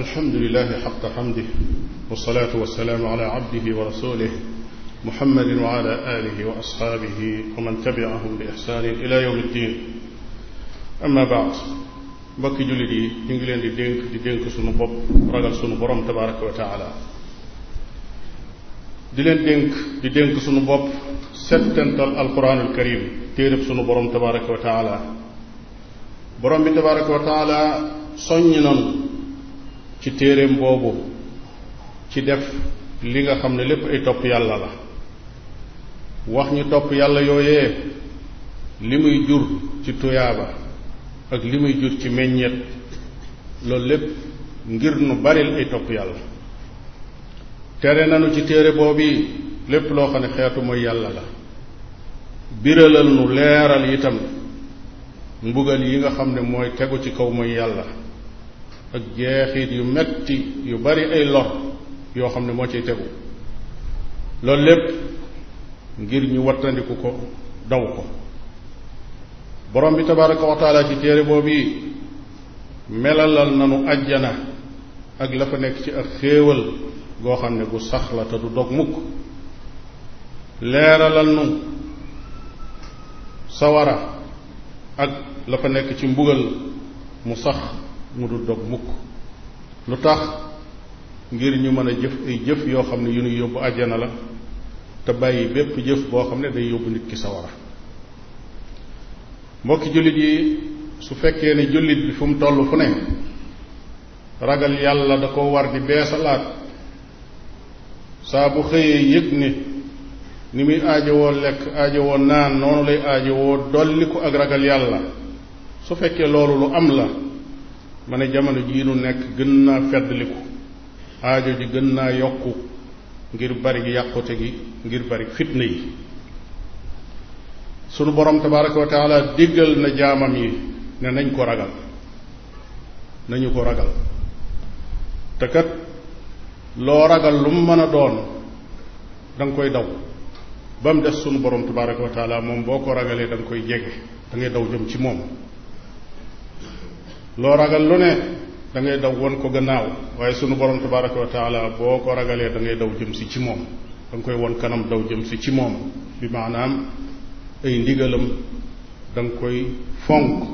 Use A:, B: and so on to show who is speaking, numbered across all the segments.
A: alhamdulilahi xaqa xamdih walsalaatu walsalaamu ala abdihi wa rasulih muhammadin wa ala alihi wa asxaabihi wa man tabiahum bi ixsaanin ila yowm ddin amma baad mbokki jullit yi ñu ngi leen di dénk di dénk sunu bopp ragal sunu borom tabaraka wa taala di leen dénk di dénk sunu bopp settantal alquranul karim téeréb sunu borom tabaraka wa taala borom bi tabaraka wa taala soññ nanu ci téereem boobu ci def li nga xam ne lépp ay topp yàlla la wax ñu topp yàlla yooyee li muy jur ci tuyaaba ak li muy jur ci meññeet loolu lépp ngir nu baril ay topp yàlla tere nanu ci téere boobu lépp loo xam ne xeetu mooy yàlla la biralal nu leeral itam mbugal yi nga xam ne mooy tegu ci kaw mooy yàlla ak jeexit yu metti yu bari ay lor yoo xam ne moo ciy tegu loolu lépp ngir ñu wattandiku ko daw ko borom bi tabaraka wa taala ci téere boobu melalal nanu ajjana ak la fa nekk ci ak xéewal goo xam ne gu sax la te du dog mukk leeralal nu sawara ak la fa nekk ci mbugal mu sax mu dul dog mukk lu tax ngir ñu mën a jëf ay jëf yoo xam ne yu ñu yóbbu àjjana la te bàyyi bépp jëf boo xam ne day yóbbu nit ki sawara mbokki jullit yi su fekkee ne jullit bi fu mu toll fu ne ragal yàlla da ko war di beesalaat saa bu xëyee yëg ne ni muy aajowoo lekk aajowoo naan noonu lay aajowoo dolli ko ak ragal yàlla su fekkee loolu lu am la ma ne jamono jii lu nekk gën naa feddliku aajo ji gën naa yokku ngir bari gi yàqute gi ngir bari fitna yi sunu borom tabaraka wa taala diggal na jaamam yi ne nañ ko ragal nañu ko ragal te kat loo ragal lu mu mën a doon da koy daw ba mu des sunu borom tabaraka wa taala moom boo ko ragalee da koy jege da ngay daw jëm ci moom loo ragal lu ne da daw won ko gannaaw waaye sunu borom tabaraka wa boo ko ragalee da ngay daw jëm si ci moom da koy won kanam daw jëm si ci moom bi maanaam ay ndigalam da koy fonk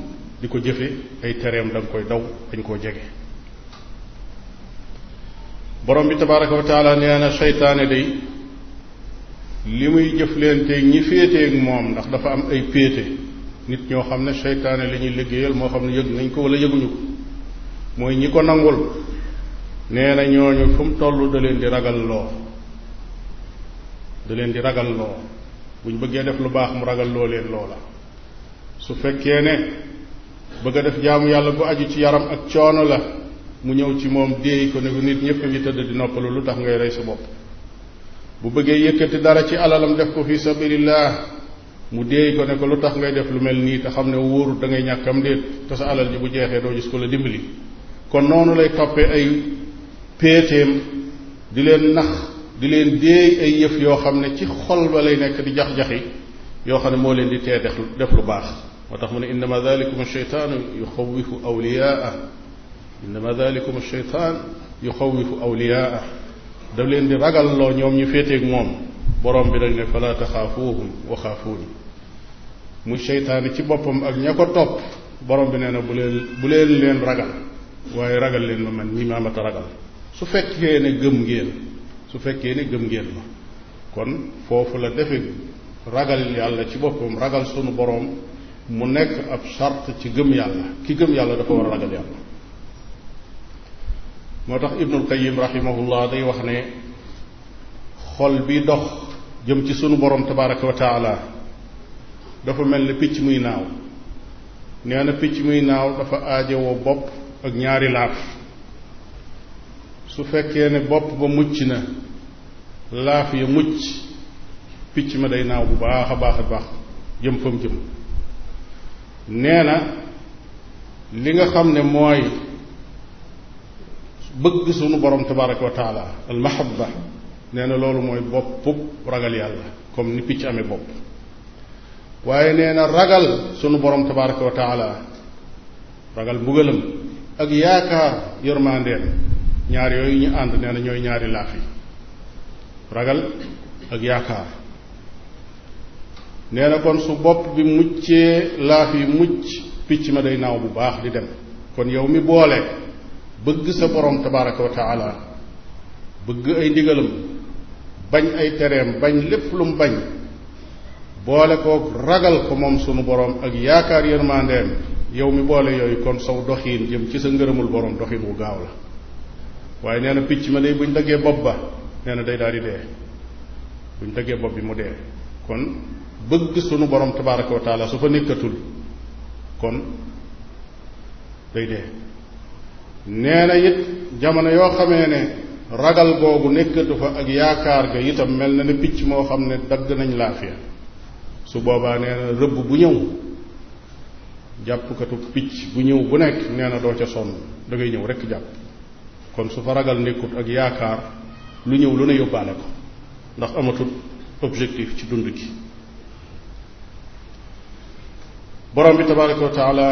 A: di ko jëfe ay tereem da koy daw dañ koo jege borom bi tabaraka wa taala nee na seytaane day li muy jëflante ñi féeteeg moom ndax dafa am ay péete nit ñoo xam ne seytaane la ñuy liggéeyal moo xam ne yëg nañ ko wala yëguñu ko mooy ñi ko nangul nee na ñooñu fu mu toll da leen di ragal loo da leen di ragal loo buñ bëggee def lu baax mu ragal loo leen loola su fekkee ne bëgg a def jaamu yàlla bu aju ci yaram ak coono la mu ñëw ci moom déey ko ne ko nit ñëpp ngi tëdd di noppalu lu tax ngay rey sa bopp bu bëggee yëkkati dara ci alalam def ko fi sabilillah mu déey ko ne lu tax ngay def lu mel nii te xam ne wóorut dangay ngay ñàkkam déet te sa alal ji bu jeexee doo gis ko la dimbali kon noonu lay toppee ay péetéem di leen nax di leen déey ay yëf yoo xam ne ci xol ba lay nekk di jax-jaxi yoo xam ne moo leen di tee def lu baax moo tax mu ne innama dalikum asheytaanu yuxawifu awliyaa innama dalikum yu yuxawifu awliyaa daf leen di ragalloo ñoom ñu féeteeg moom borom bi dañ ne fala taxaafuuhum wa muy seytaane ci boppam ak ña ko topp borom bi nee na bu leen bu leen leen ragal waaye ragal leen ma man ñi ma amata ragal su fekkee ne gëm ngeen su fekkee ne gëm ngeen ma kon foofu la defe ragal yàlla ci boppam ragal sunu borom mu nekk ab charte ci gëm yàlla ki gëm yàlla dafa war a ragal yàlla moo tax ibnul qayim rahimahullah day wax ne xol bi dox jëm ci sunu borom tabaraka wa dafa mel ni picc muy naaw nee na picc muy naaw dafa aajowoo bopp ak ñaari laaf su fekkee ne bopp ba mucc na laaf ya mucc picc ma day naaw bu baax a baax a baax jëm fam jëm nee na li nga xam ne mooy bëgg sunu borom tabaraka wa taala al mahabba nee na loolu mooy boppub ragal yàlla comme ni picc amee bopp waaye nee na ragal sunu borom tabaraka wa taala ragal mbugalam ak yaakaar yërmandeel ñaar yooyu ñu ànd nee na ñooy ñaari laaf yi ragal ak yaakaar nee na kon su bopp bi muccee laaf yi mucc picc ma day naaw bu baax di dem kon yow mi boole bëgg sa borom tabaraka wa bëgg ay ndigalam bañ ay tereem bañ lépp lu mu bañ boole kook ragal ko moom sunu borom ak yaakaar yërmandeem yow mi boole yooyu kon saw doxiin jëm ci sa ngërëmul boroom doxiin wu gaaw la waaye nee na picc ma day buñ daggee bopp ba nee na day daal di dee buñ daggee bopp bi mu dee kon bëgg sunu borom tabaraka wa taala su fa nekkatul kon day dee nee na it jamono yoo xamee ne ragal googu nekkatu fa ak yaakaar ga itam mel na ne picc moo xam ne dagg nañ laafiya su boobaa nee na rëbb bu ñëw jàppkatu picc bu ñëw bu nekk nee na doo ca sonn da ngay ñëw rekk jàpp kon su fa ragal nekkut ak yaakaar lu ñëw lu ne yóbbaale ko ndax amatul objectif ci dund gi borom bi tabaraka wa taala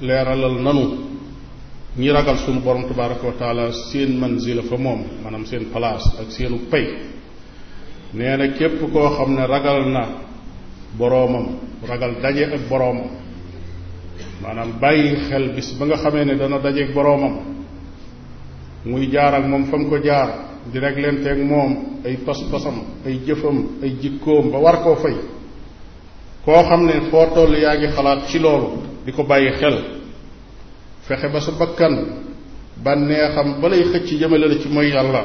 A: leeralal nanu ñi ragal sunu borom tabaraka wa taala man manzila fa moom maanaam seen place ak seenu pay nee na képp koo xam ne ragal na boroomam ragal daje ak boroomam maanaam bàyyi xel bis ba nga xamee ne dana dajeeg boroomam muy jaar ak moom fa mu ko jaar di reglenteeg moom ay pas-pasam ay jëfam ay jikkoom ba war koo fay koo xam ne foo toll yaa ngi xalaat ci loolu di ko bàyyi xel fexe ba sa bakkan bànneexam ba lay xëcc jëmale la ci mooy yàlla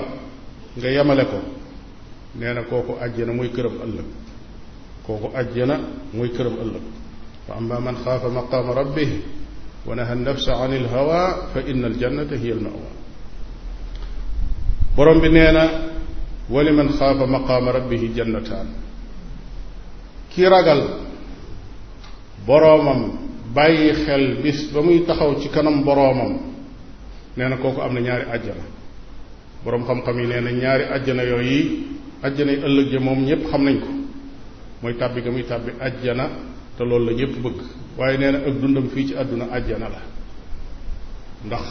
A: nga yemale ko nee na kooku àjjana muy këram ëllëg kooku ajjana muy këram ëllëg wa amma man xaafa maqaama rabbih wa naha nafsa an il fa inna aljannata hiya almawa borom bi nee na wali man xaafa maqaama rabbihi jannataan ki ragal boroomam bàyyi xel bis ba muy taxaw ci kanam boroomam nee na kooku am na ñaari ajjana boroom xam-xam yi nee na ñaari ajjana yooyu ajjana ëllëg ja moom ñépp xam nañ ko mooy tàbbi ga muy tàbbi ajjana te loolu la yépp bëgg waaye nee na ak dundam fii ci àdduna ajjana la ndax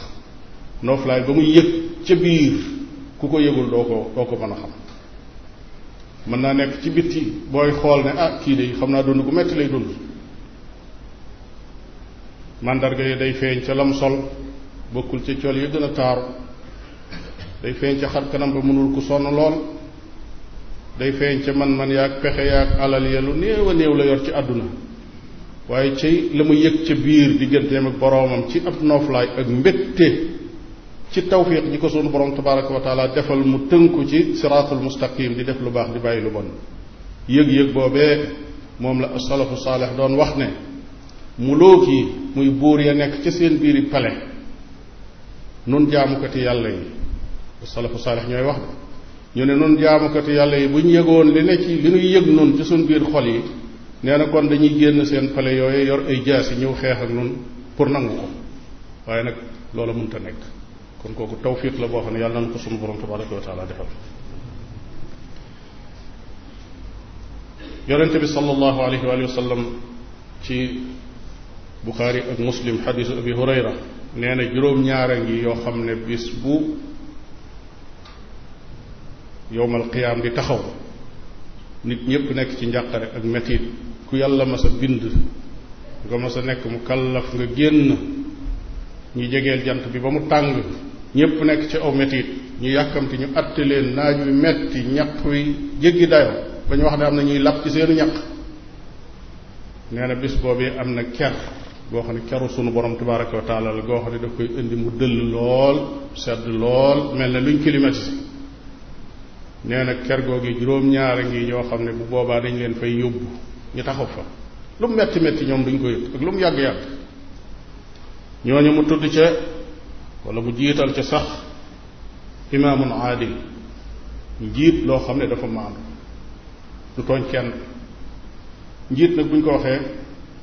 A: nooflaay ba muy yëg ca biir ku ko yëgul doo ko doo ko mën a xam mën naa nekk ci bitti booy xool ne ah kii de xam naa dund gu metti lay dund màndarga yi day feeñ ca lam sol bokkul ca col yi gën taaru day feeñ ca xar kanam ba mënul ku sonn lool day feeñ ca man-man yaag pexe yaag alal ya lu néew a néew la yor ci àdduna waaye ci li mu yëg ca biir digganteem ak boroomam ci ab nooflaay ak mbétte ci tawfiq ji ko sunu borom tabaraka wa taala defal mu tënku ci siraatul mustaqim di def lu baax di bàyyi lu bon yëg-yëg boobee moom la salafu saalix doon wax ne mu yi muy buur ya nekk ca seen biiri pale nun jaamukati yàlla yi salafu saalix ñooy wax de ñu ne nun jaamukatu yàlla yi bu ñu yëgoon li ne ci li ñuy yëg nun ci suñ biir xol yi nee na kon dañuy génn seen pale yooyu yor ay jaasi ñëw xeex ak nun pour nangu ko waaye nag loolu munta nekk kon kooku tawfiq la boo xam ne yàlla na ko sunu borom tabaraka wa taala defal yonente bi sallallahu alayhi wa sallam ci buxaari ak muslim xadisu abi hurayra nee na juróom-ñaara ngi yoo xam ne bis bu yowmal qiyaam di taxaw nit ñëpp nekk ci njàqare ak metit ku yàlla mas a bind nga mas a nekk mu kallaf nga génn ñu jegeel jant bi ba mu tàng ñëpp nekk ci aw metit ñu yàkkamti ñu atte leen naaj wi metti ñaq wi jéggi dayo ba ñu wax ne am na ñuy lab ci seenu ñaq nee na bis boobee am na ker goo xam ne keru sunu borom tabaraka wa taala la goo xam ne daf koy indi mu dëll lool sedd lool mel ne luñ climatisé nee na ker googu juróom-ñaar ngi ñoo xam ne bu boobaa dañ leen fay yóbbu ñu taxaw fa lu mu metti metti ñoom duñ ko yëg ak lu mu yàgg-yàgg ñooñu mu tudd ca walla bu jiital ca sax imaamun aadil njiit loo xam ne dafa maandu du tooñ kenn njiit nag buñ ko waxee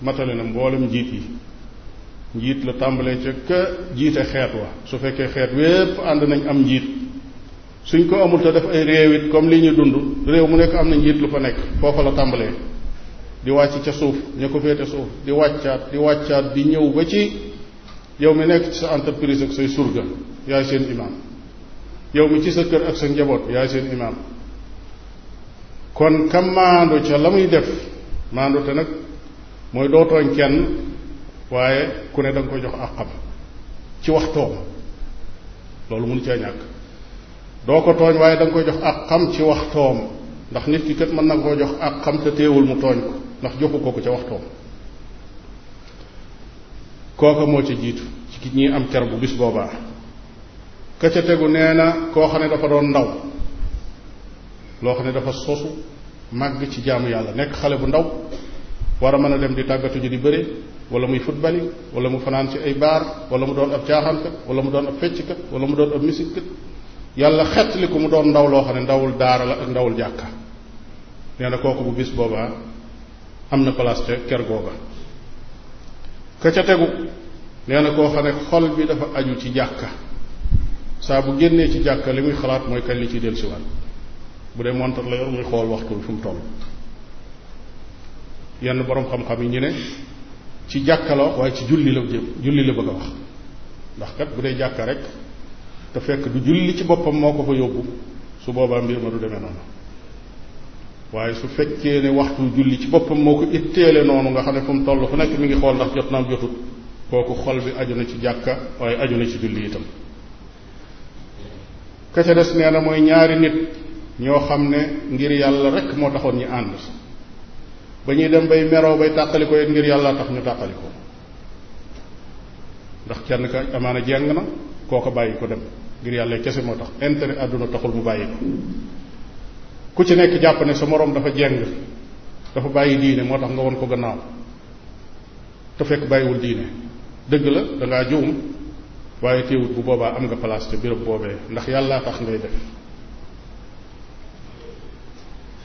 A: matale na mboolem njiit yi njiit la tàmbalee ca ka jiite xeet wa su fekkee xeet wépp ànd nañ am njiit suñ ko amul te def ay réew it comme li ñu dund réew mu nekk am na njiit lu fa nekk foofa la tàmbalee di wàcc ca suuf ñu ko féete suuf di wàccaat di wàccaat di ñëw ba ci yow mi nekk ci sa entreprise ak say surga yaay seen imaam yow mi ci sa kër ak sa njaboot yaay seen imaam kon kam maandu ca la muy def maandu te nag mooy doo tooñ kenn waaye ku ne da ko jox àqam ci waxtoom loolu mënu caa ñàkk doo ko tooñ waaye da koy jox ak xam ci waxtoom ndax nit ki kat mën na koo jox ak xam te teewul mu tooñ ko ndax joxu ko ko ca waxtoom kooka moo ca jiitu ci ñi am ker bu bis boobaa ka ca tegu nee na koo xam ne dafa doon ndaw loo xam ne dafa sosu màgg ci jaamu yàlla nekk xale bu ndaw war a mën a dem di tàggatu ji di bëre walla muy futbali wala mu fanaan ci ay baar wala mu doon ab caaxaankat wala mu doon ab fecckat wala mu doon ab misikkat yàlla xettali mu doon ndaw loo xam ne ndawul daara la ak ndawul jàkka nee na kooku bu bis boobaa am na place ca ker googa ka ca tegu nee na koo xam ne xol bi dafa aju ci jàkka saa bu génnee ci jàkka li muy xalaat mooy kañ li ci dellusiwaat bu dee montar la yor muy xool waxtu bi fu mu toll yenn boroom xam-xam yi ñu ne ci jàkka la wax waaye ci julli la jëm julli la bëgg a wax ndax kat bu dee jàkka rek te fekk du julli ci boppam moo ko fa yóbbu su boobaa mbir ma du demee noonu waaye su fekkee ne waxtu julli ci boppam moo ko itteele noonu nga xam ne fu mu toll fu nekk mu ngi xool ndax jot naam jotut kooku xol bi aju na ci jàkka waaye aju na ci julli itam ka ca na mooy ñaari nit ñoo xam ne ngir yàlla taxoon ñu ànd ba ñuy dem bay meroo bay tàqalikoo it ngir yàlla tax ñu tàqalikoo ndax kenn ka amaana jeng na kooka bàyyi ko dem ngir yàlla kese moo tax intérêt àdduna taxul mu bàyyi ko ku ci nekk jàpp ne sa moroom dafa jeng dafa bàyyi diine moo tax nga won ko gannaaw te fekk bàyyiwul diine dëgg la dangaa juum waaye teewut bu boobaa am nga place te béréb boobee ndax yàlla tax ngay def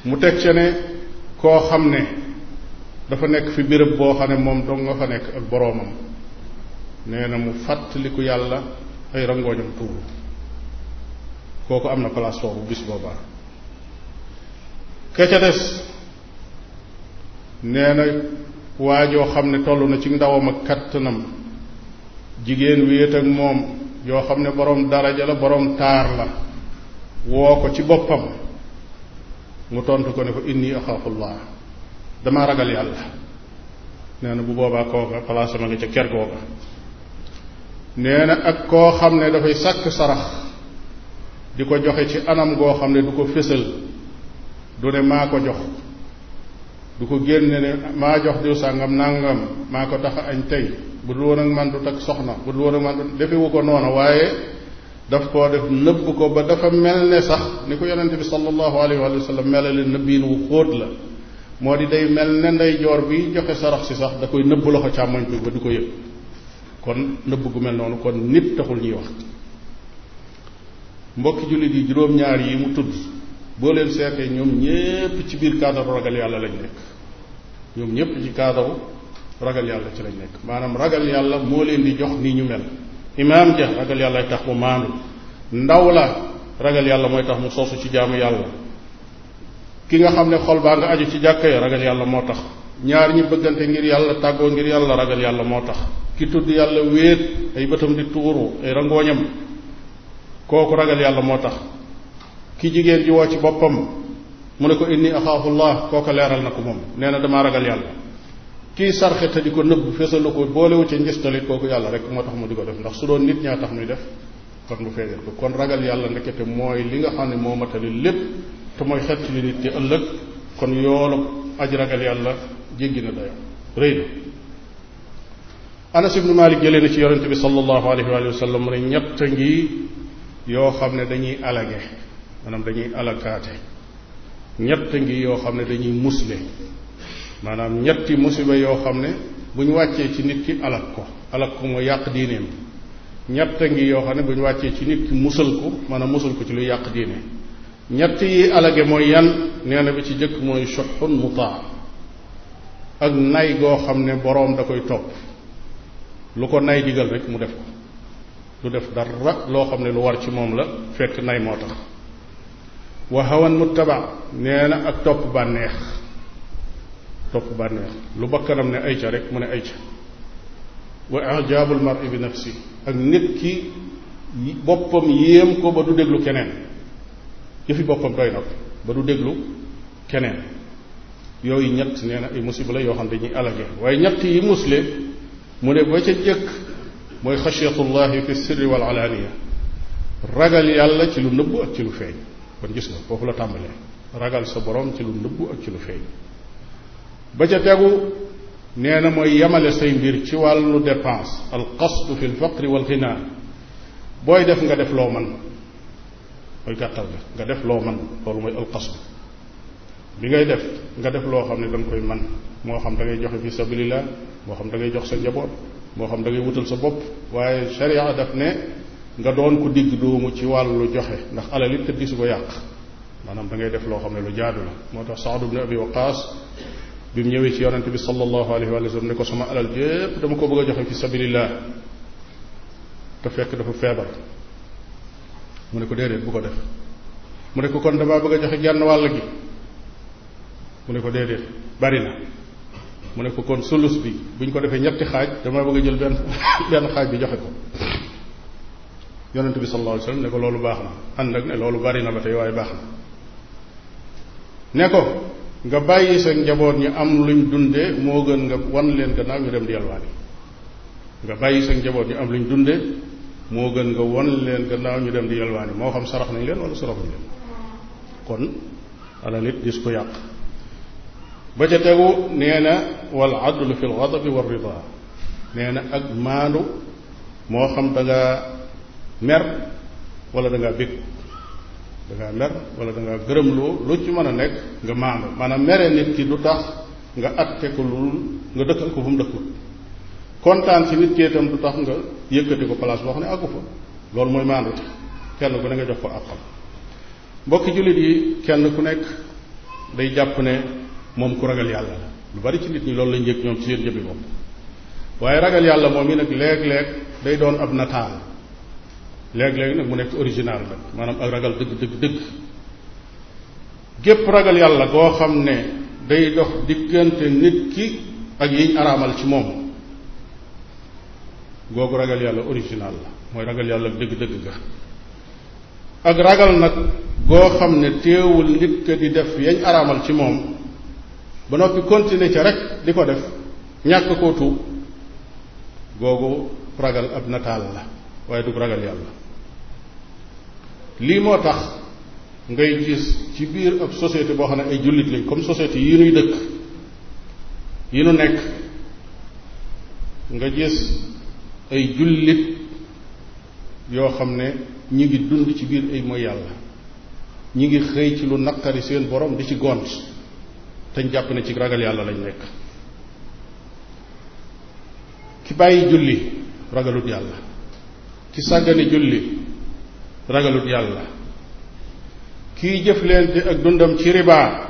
A: mu teg ca ne koo xam ne dafa nekk fi béréb boo xam ne moom dong nga fa nekk ak boroomam nee na mu fàttaliku yàlla ay rangooñam tuuru kooku am na place foofu bis boobaa ka ca des nee na waa joo xam ne tollu na ci ndawam ak kattanam jigéen wéet ak moom yoo xam ne boroom daraja la boroom taar la woo ko ci boppam mu tontu ko ne ko indi axaafullah dama ragal yàlla nee na bu boobaa kooka place ma nga ca ker googa nee ak koo xam ne dafay sàkk sarax di ko joxe ci anam goo xam ne du ko fésal du ne maa ko jox du ko génne ne maa jox diw sàngam nangam maa ko tax añ tey bu dul woon ak man du takk soxna bu dul woon ak man defewu ko noonu waaye daf koo def nëbb ko ba dafa mel ne sax ni ko yonente bi sallallahu alayhi wa sallam melale nëbbiin wu xóot la moo di day mel ne ndeyjoor bi joxe sarax si sax da koy nëbb loxo càmmoñ bi ba du ko yëg kon nëbb gu mel noonu kon nit taxul ñuy wax mbokki jullit yi juróom-ñaar yi mu tudd boo leen seetee ñoom ñépp ci biir cadre ragal yàlla lañ nekk ñoom ñépp ci cadre ragal yàlla ci lañ nekk maanaam ragal yàlla moo di jox nii ñu mel imaam ja ragal yàlla tax mu maandu ndaw la ragal yàlla mooy tax mu sosu ci jaamu yàlla ki nga xam ne xol baa nga aju ci jàkka ya ragal yàlla moo tax ñaar ñi bëggante ngir yàlla tàggoo ngir yàlla ragal yàlla moo tax ki tudd yàlla wéet ay bëtam di tuuru ay rangooñam kooku ragal yàlla moo tax ki jigéen ji woo ci boppam mu ne ko inni axaafullah kooku leeral na ko moom nee na damaa ragal yàlla kii sarxe di ko nëbb fesal na ko boolewu ca ngistalit kooku yàlla rek moo tax mu di ko def ndax su doon nit ñaa tax muy def kon mu feeñal ko kon ragal yàlla ndekete mooy li nga xam ne moo matali lépp te mooy xett li nit ci ëllëg kon yoolu aj ragal yàlla jéggi na dayo rëy na anas ibnu malik jëlee na ci yonente bi sallallahu yoo xam ne dañuy alage maanaam dañuy alakaate ñett ngi yoo xam ne dañuy musle maanaam ñetti musiba yoo xam ne bu ñu wàccee ci nit ki alak ko alak ko mooy yàq diineem ñett ngi yoo xam ne bu ñu wàccee ci nit ki musal ko maanaam musal ko ci lu yàq diine ñett yi alage mooy yan nee na bi ci jëkk mooy suxun mutaa ak nay goo xam ne boroom da koy topp lu ko nay digal rek mu def ko lu def dara loo xam ne lu war ci moom la fekk nay moo tax waxawan hawan muttaba nee na ak topp bànneex topp bànneex lu kanam ne ay ca rek mu ne ay ca wa ijaabul mar'i bi nafsi ak nit ki boppam yéem du déglu keneen yëfi boppam doy na ko déglu keneen yooyu ñett nee na ay musiba la yoo xam dañuy alage waaye ñett yi musle mu ne ba ca jëkk mooy xasiyatullahi fi sirri wal alaaniya ragal yàlla ci lu nëbbu ak ci lu feeñ kon gis nga foofu la tàmbalee ragal sa boroom ci lu nëbbu ak ci lu feeñ ba ca tegu nee na mooy yamale say mbir ci wàllu dépense al qasdu fi l faqri wal ghina booy def nga def loo man mooy gàttal la nga def loo man loolu mooy al qasdu bi ngay def nga def loo xam ne da nga koy man moo xam da ngay joxe fi sabilillah moo xam da ngay jox sa njaboot moo xam da ngay wutal sa bopp waaye sharia daf ne nga doon ko digg doomu ci wàllu joxe ndax alal it te disu ko yàq maanaam dangay def loo xam ne lu jaadu la moo tax Saad ibn Abi Waqaas bi mu ñëwee ci yonente bi sallallahu alayhi wa sallam ne ko sama alal yépp dama ko bëgg a joxe fi sabilillah te fekk dafa feebar mu ne ko déedéet bu ko def mu ne ko kon damaa bëgg a joxe genn wàll gi mu ne ko déedéet bari na mu ne ko kon sulus bi buñ ko defee ñetti xaaj dama bëgg a jël benn xaaj bi joxe ko yonent bi sallallahu alayhi wasallam ne ko loolu baax na ànd ak ne bari na ba tey waaye baax ne ko nga bàyyi sa njaboot ñi am luñ dunde moo gën nga wan leen gannaaw ñu dem di yalwaani nga bàyyi sa njaboot ñi am luñ dunde moo gën nga wan leen gannaaw ñu dem di yalwaani moo xam sarax nañ leen wala saraxuñ leen kon alal it dis ko yàq ba ca tegu nee na wal adlu fi lgadabi wa rida nee na ak maandu moo xam da mer wala da ngaa bég wala da ngaa gërëmloo lu ci mën a nekk nga maandu maanaam mere nit ki du tax nga atte ko lu nga dëkkal ko fu mu dëkkul kontaan si nit ki itam tax nga yëkkati ko place boo ne àggu fa loolu mooy maandu kenn ku ne nga jox ko àqam mbokki jullit yi kenn ku nekk day jàpp ne moom ku ragal yàlla la lu bari ci nit ñi loolu lañ yëg ñoom ci seen jëmmi bopp waaye ragal yàlla moom yi nag léeg-léeg day doon ab nataal léeg-léeg nag mu nekk original nag maanaam ak ragal dëgg dëgg dëgg gépp ragal yàlla goo xam ne day dox diggante nit ki ak yiñ araamal ci moom googu ragal yàlla original la mooy ragal yàlla dëgg-dëgg ga ak ragal nag goo xam ne teewul nit ka di def yañ araamal ci moom ba noppi continuer ca rek di ko def ñàkk koo tuub googu ragal ab nataal la waaye du ragal yàlla lii moo tax ngay gis ci biir ab société boo xam ne ay jullit lañ comme société yi nuy dëkk yi nu nekk nga gis ay jullit yoo xam ne ñi ngi dund ci biir ay mooy yàlla ñi ngi xëy ci lu naqari seen borom di ci gont te jàpp na ci ragal yàlla lañu nekk ki bàyyi julli ragalut yàlla ki sàggane julli ragalut yàlla kiy jëflente ak dundam ci riba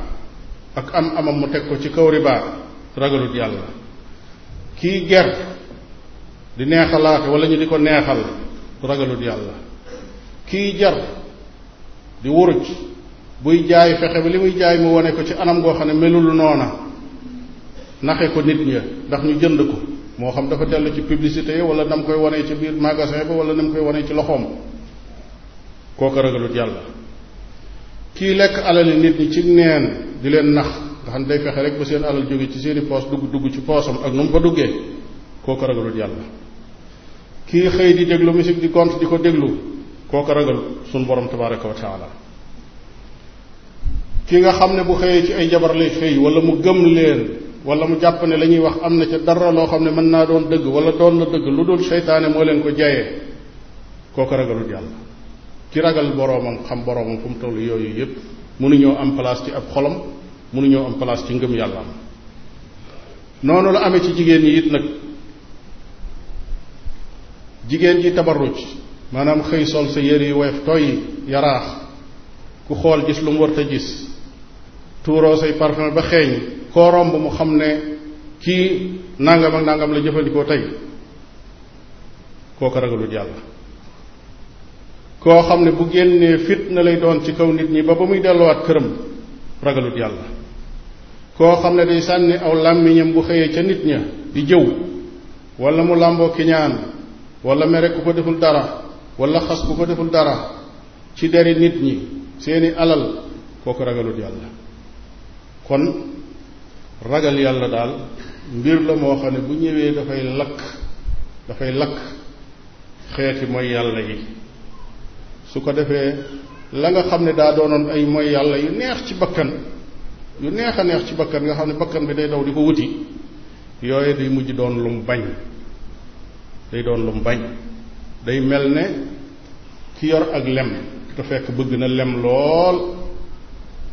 A: ak am amam mu teg ko ci kaw riba ragalut yàlla kiy ger di neexalaate wala ñu di ko neexal ragalut yàlla kiy jar di wuruj buy jaay fexe ba li muy jaay mu wone ko ci anam goo xam ne melul noona naxe ko nit ña ndax ñu jënd ko moo xam dafa dellu ci publicité yi wala nam koy wane ci biir magasin ba wala nam koy wane ci loxoom kooka ragalut yàlla kii lekk alali nit ñi ci neen di leen nax nga xam ne rek ba seen alal jóge ci seeni dugg dugg ci poosam ak nu mu fa duggee kooka ragalut yàlla kii xëy di déglu musique di gont di ko déglu kooka ragal suñu borom tabaraka wa taala ki nga xam ne bu xëyee ci ay jabar lay xëy wala mu gëm leen wala mu jàpp ne la ñuy wax am na ca dara loo xam ne mën naa doon dëgg wala doon na dëgg lu dul seytaane moo leen ko jayee kooku ragalul yàlla ki ragal boroomam xam boroomam fu mu toll yooyu yépp mënuñoo am place ci ab xolam mënuñoo am place ci ngëm yàlla am noonu la amee ci jigéen ñi it nag jigéen ji tabarruj maanaam xëy sol sa yére yi woyof toy yaraax ku xool gis lu mu war a gis tuuroo say parfum ba xeeñ koo romb mu xam ne kii nangam ak nangam la jëfandikoo tey kooka ragalut yàlla koo xam ne bu génnee fitna lay doon ci kaw nit ñi ba ba muy delluwaat këram ragalut yàlla koo xam ne day sànni aw làmmiñam bu xëyee ca nit ña di jëw walla mu làmboo kiñaan wala mere ku ko deful dara walla xas ku ko deful dara ci deri nit ñi seeni alal kooku ragalut yàlla kon ragal yàlla daal mbir la moo xam ne bu ñëwee dafay lakk dafay lakk xeeti mooy yàlla yi su ko defee la nga xam ne daa doonoon ay mooy yàlla yu neex ci bakkan yu neex a neex ci bakkan nga xam ne bakkan bi day daw di ko wuti yooyu day mujj doon lu mu bañ day doon lu bañ day mel ne ki yor ak lem te fekk bëgg na lem lool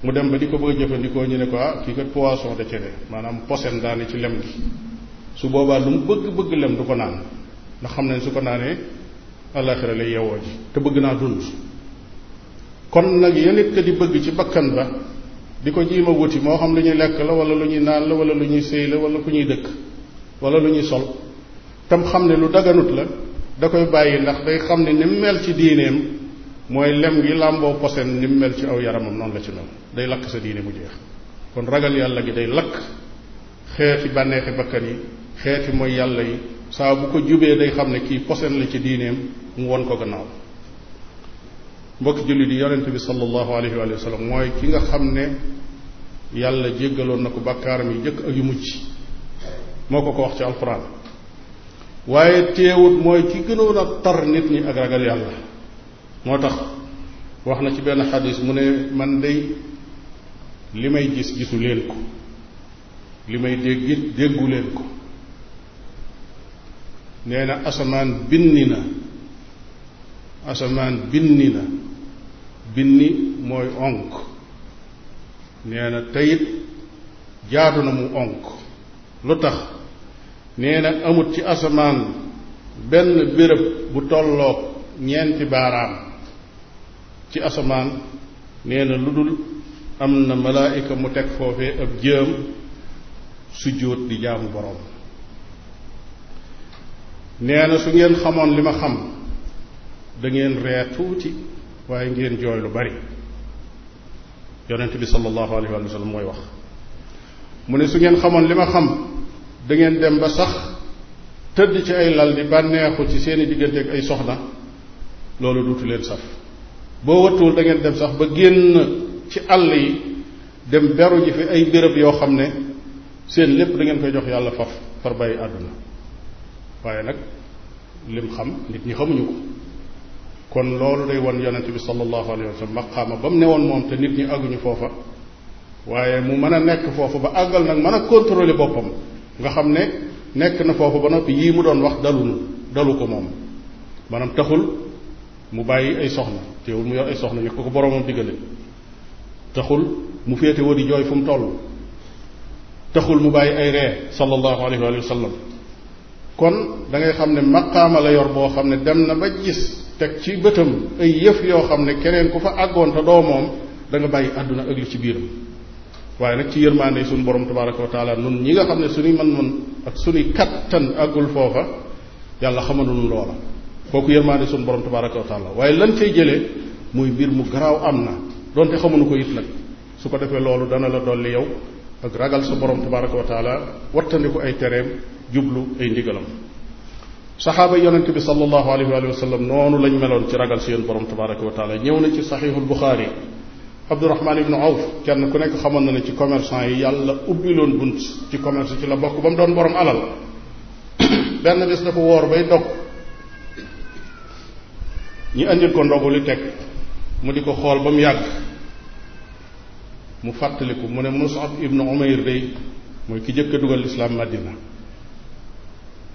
A: mu dem ba di ko bëgg jëfandikoo ñu ne ko ah kii kat poisson da cene maanaam posen daane ci lem gi su boobaa lu mu bëgg bëgg lem du ko naan ndax xam nañ su ko naanee àllaaxira lay yewoo ji te bëgg naa dund kon nag yenit ka di bëgg ci bakkan ba di ko jiima wuti moo xam lu ñuy lekk la wala lu ñuy naan la wala lu ñuy sëy la wala ku ñuy dëkk wala lu ñuy sol tam xam ne lu daganut la da koy bàyyi ndax day xam ne ni mel ci diineem mooy lem gi làmboo posen ni mu mel ci aw yaramam noonu la ci mel day lakk sa diine mu jeex kon ragal yàlla gi day lakk xeeti bànneexi bakkan yi xeeti mooy yàlla yi saa bu ko jubee day xam ne kii posen la ci diineem mu won ko gannaaw mbokk jullit yi yonente bi sallallahu alayhi wa sallam mooy ki nga xam ne yàlla jéggaloon na ko bàkkaaram yi jëkk ak yu mucc moo ko ko wax ci alquran waaye teewut mooy ki gënoon a tar nit ñi ak ragal yàlla moo tax wax na ci benn xadis mu ne man day li may gis gisu leen ko li may dégg déggu leen ko neena na asamaan binni na asamaan binni na binni mooy onk nee na teyit jaadu na mu onk lu tax nee na amut ci asamaan benn béréb bu tollook ñeenti baaraam ci asamaan nee na lu dul am na malaayika mu teg foofee ab jëm sujjóot di jaamu boroom nee na su ngeen xamoon li ma xam da ngeen ree tuuti waaye ngeen jooy lu bari yonent bi sallallahu alayhi wa sallam mooy wax mu ne su ngeen xamoon li ma xam dangeen dem ba sax tëdd ci ay lal di bànneexu ci seeni diggante ak ay soxna loolu duutu leen saf boo wattuwul da ngeen dem sax ba génn ci àll yi dem beru ji fi ay béréb yoo xam ne seen lépp da ngeen koy jox yàlla faf far bàyyi àdduna waaye nag lim xam nit ñi xamuñu ko kon loolu day won yonente bi sallallahu alayhi wa sallam maqaama ba mu moom te nit ñi foofa waaye mu mën a nekk foofu ba àggal nag man a contrôler boppam nga xam ne nekk na foofu ba noppi yii mu doon wax dalunu dalu ko moom maanaam taxul mu bàyyi ay soxna teewul mu yor ay soxna yu ko ko boroomam diggale taxul mu féete woo jooy fu mu toll taxul mu bàyyi ay ree sallallahu alayhi wa sallam kon dangay xam ne maqaama la yor boo xam ne dem na ba gis teg ci bëtam ay yëf yoo xam ne keneen ku fa àggoon te doo moom danga bàyyi àdduna ak li ci biiram waaye nag ci yërmaande suñu borom tabaraka wa taala nun ñi nga xam ne suñuy man mën ak suñuy kattan àggul foofa yàlla xamalunu loola kooku yërmaande sunu borom tabaraka wa taala waaye lan cay jëlee muy mbir mu garaaw am na donte xamuñu ko it nag su ko defee loolu dana la dolli yow ak ragal sa borom tabaraka wa taala wattandiku ay tereem jublu ay ndigalam saxaaba yonente bi sallallahu alayhi wa sallam noonu lañ meloon ci ragal seen borom tabaraka wa taala ñëw na ci saxiixul buxaari abdurahmaan ibnu awf kenn ku nekk xamoon na ne ci commerçant yi yàlla ubbi loon bunt ci commerce ci la bokk ba mu doon borom alal benn bis dafa woor bay dog ñi indil ko ndogu li teg mu di ko xool ba mu yàgg mu fàttaliku mu ne Musab ibnu Umayr day mooy ki jëkk a dugal lislaam Madina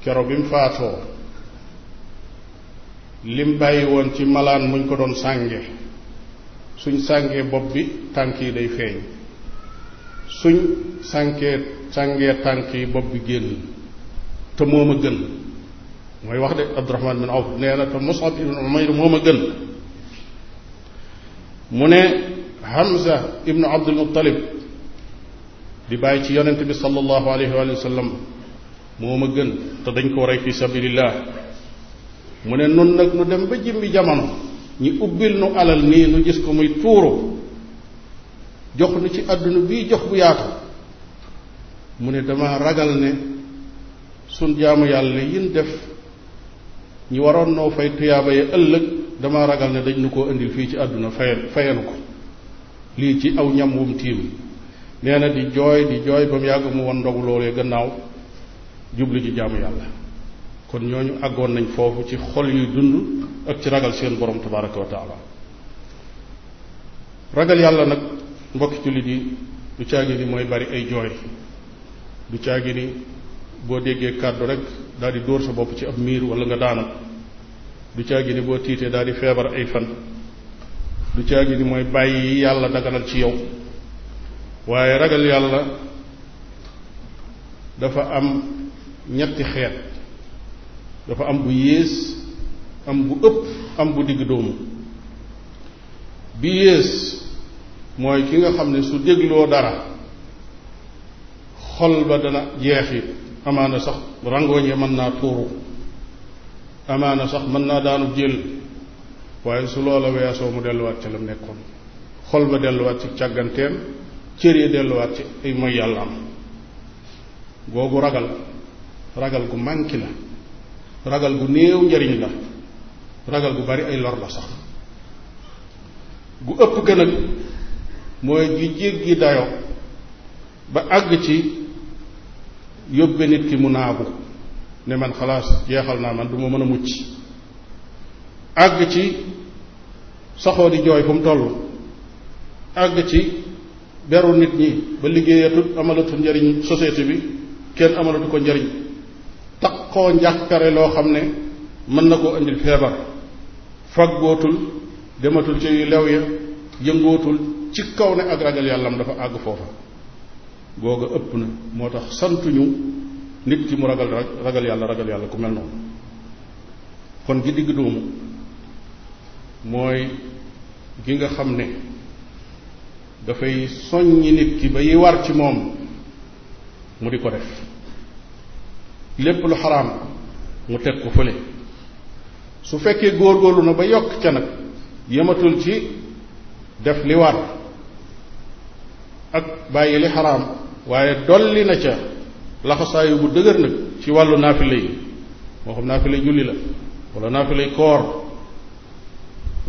A: kero bi mu faatoo lim bàyyi woon ci malaan muñ ko doon sànge suñ sàngee bopp bi tànk yi day feeñ suñ sànkee sàngee tànk yi bopp bi génn te moom a gën mooy wax de Abdurahman bin Awf nee na te Musab ibn Umayr moom a gën mu ne Hamza ibnu Abdul Muttalib di bàyyi ci yonent bi sallallahu alayhi wa sallam moom a gën te dañ ko rey fi sabilillah mu ne nun nag nu dem ba jimbi jamono ñu ubbil nu alal nii nu gis ko muy tuuru jox nu ci àdduna bii jox bu yaatu mu ne dama ragal ne sun jaamu yàlla yin def ñi waroon noo fay tuyaaba ya ëllëg dama ragal ne dañ nu koo indil fii ci àdduna fayal fayanu ko lii ci aw ñam wum tiim nee na di jooy di jooy ba mu yàgg mu won ndogu loolee gannaaw jublu ji jàmm yàlla kon ñooñu àggoon nañ foofu ci xol yuy dund ak ci ragal seen borom tabaraka wa taala ragal yàlla nag mbokki jullit yi du caagi ni mooy bari ay jooy du caagi ni boo déggee kàddu rek daal di dóor sa bopp ci ab miir wala nga daanu du caagi ni boo tiitee daal di feebar ay fan du caagi ni mooy bàyyi yàlla daganal ci yow waaye ragal yàlla dafa am ñetti xeet dafa am bu yées am bu ëpp am bu digg doomu bi yées mooy ki nga xam ne su dégloo dara xol ba dana jeexit amaana sax rangooñ ya mën naa tuuru amaana sax mën naa daanu jël waaye su loola weesoo mu delluwaat ci lam nekkoon xol ba delluwaat ci càgganteem cër yi delluwaat ci ay mooy yàlla am googu ragal ragal gu manqué la ragal gu néew njariñ la ragal gu bari ay lor la sax gu ëpp gën a mooy ji jéggi dayo ba àgg ci yóbbe nit ki mu naagu ne man xalaas jeexal naa man du mën a mucc àgg ci saxoo di jooy fu mu toll àgg ci beru nit ñi ba liggéeyatut amalatu njariñ société bi kenn amalatu ko njariñ takkoo njàkkare loo xam ne mën na koo indil feebar faggootul dematul ci yu lew ya yëngootul ci kaw ne ak ragal yàllam dafa àgg foofa googa ëpp na moo tax santuñu nit ki mu ragal ragal yàlla ragal yàlla ku mel noonu kon gi digg doomu mooy gi nga xam ne dafay soññi nit ki ba yi war ci moom mu di ko def lépp lu xaraam mu teg ko fële su fekkee góorgóorlu na ba yokk ca nag yematul ci def li war ak bàyyi li xaraam waaye dolli na ca laxasaayu bu dëgër nag ci wàllu naafile yi moo xam naafile julli la wala naafile koor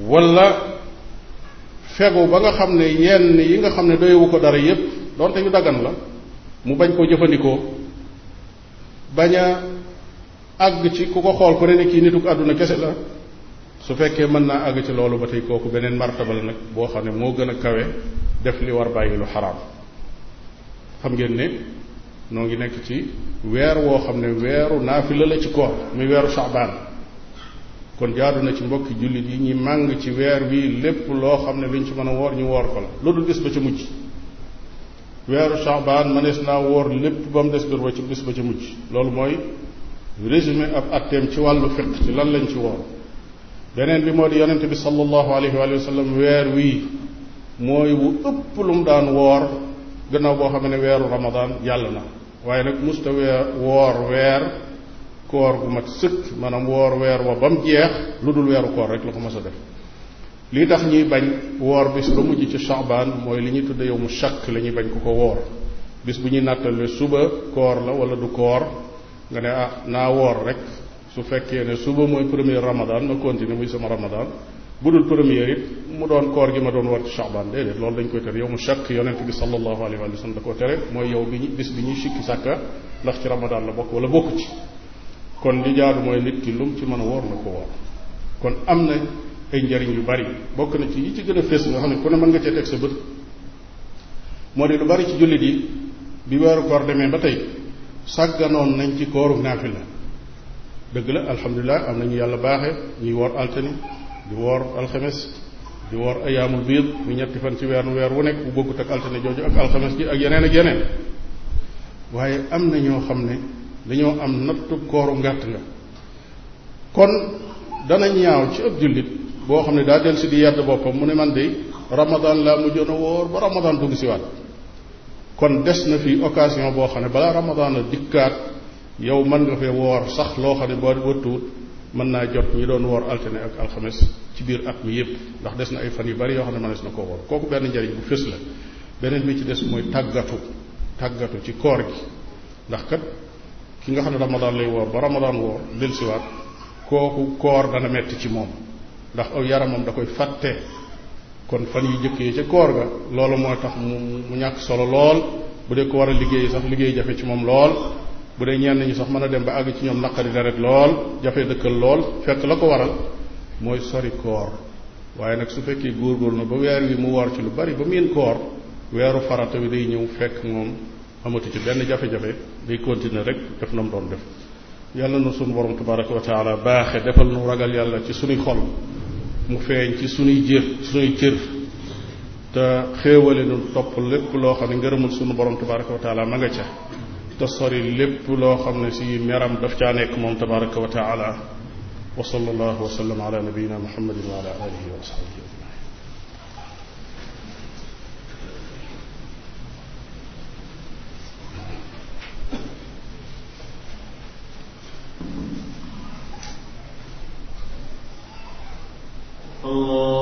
A: wala fegu ba nga xam ne yenn yi nga xam ne doyewu ko dara yépp donte yu dagan la mu bañ koo jëfandikoo bañ a àgg ci ku ko xool ku ne ne kii nituk àdduna kese la su fekkee mën naa àgg ci loolu ba tey kooku beneen martaba la nag boo xam ne moo gën a kawe def li war bàyyi lu xaraam xam ngeen ne noo ngi nekk ci weer woo xam ne weeru naa naafila la ci ko mu weeru saabaan kon jaadu na ci mbokki jullit yi ñi màng ci weer wi lépp loo xam ne luñ ci mën a woor ñu woor ko la lu dul bis ba ca mujj weeru saabaan mënees naa woor lépp ba mu des bir ci bis ba ca mujj loolu mooy résumé ab atteem ci wàllu fiq ci lan lañ ci woor beneen bi moo di yonente bi sallallahu alayhi wa sallam weer wii mooy wu ëpp lu mu daan woor gannaaw boo xam ne weeru ramadan yàlla na waaye nag musta weer woor weer koor gu mat sëkk maanaam woor weer wa ba jeex lu dul weeru koor rek la ko mos a def li tax ñuy bañ woor bis ba mujj ci chaban mooy li ñuy tudde yow mu chakk la ñuy bañ ko ko woor bis bu ñuy nattale suba koor la wala du koor nga ne ah naa woor rek su fekkee ne suba mooy premier ramadan ma continuer muy sama ramadan bu dul premier it mu doon koor gi ma doon war ci chaban déedéet loolu dañ koy tere yow mu chaq yonent bi sallallahu alayhi wa sallam da koo tere mooy yow bi ñu bis bi ñuy sikki sàkka ndax ci ramadan la bokk wala bokku ci kon li jaadu mooy nit ki lum ci mën a woor na ko woor kon am na ay njariñ yu bari bokk na ci yi ci gën a fees nga xam ne ku ne mën nga cee teg sa bët moo di lu bari ci jullit yi bi weeru koor demee ba tey sàgganoon nañ ci kooru naafila dëgg la alhamdulilah am nañu yàlla baaxe ñuy woor altani di woor alxemes di woor ayaamul biir muy ñetti fan ci weer weer wu nekk bu bokkut ak altine jooju ak alxames ji ak yeneen ak yeneen waaye am na ñoo xam ne dañoo am nattu kooru ngàtt la kon dana ñaaw ci ab jullit boo xam ne daa dell si di yedd boppam mu ne man de ramadan laa mujjoon a wóor ba ramadan dugg si waat kon des na fi occasion boo xam ne balaa ramadan a dikkaat yow mën nga fee woor sax loo xam ne boo wëttuwut mën naa jot ñi doon woor altine ak alxames ci biir at mi yépp ndax des na ay fan yu bari yoo xam ne mënees na koo woor kooku benn njariñ bu fés la beneen bi ci des mooy tàggatu tàggatu ci koor gi ndax kat ki nga xam ne ramadaan lay woor ba ramadaan woor dellusiwaat kooku koor dana metti ci moom ndax aw yaramam da koy fàtte kon fan yu jëkkee ca koor ga loolu mooy tax mu mu ñàkk solo lool bu dee ko war a liggéey sax liggéey jafe ci moom lool bu dee ñenn ñi sax mën a dem ba àgg ci ñoom naqari deret lool jafe dëkkal lool fekk la ko waral mooy sori koor waaye nag su fekkee góorgóorlu na ba weer wi mu woor ci lu bari ba miin koor weeru farata wi day ñëw fekk moom amatu ci benn jafe-jafe day continuer rek def na mu doon def yàlla na sunu borom tabaraka wa taala baaxe defal nu ragal yàlla ci sunuy xol mu feeñ ci sunuy jër sunuy cër te xéewale nu topp lépp loo xam ne ngërëmul sunu borom tabaraka wa taala ca te sori lépp loo xam ne si meram daf caa nekk moom tabaraka wa taala wa sallallahu wa sallam ala nabiyina muhammadin wa ala alihi wa sahbihi ajmain Allah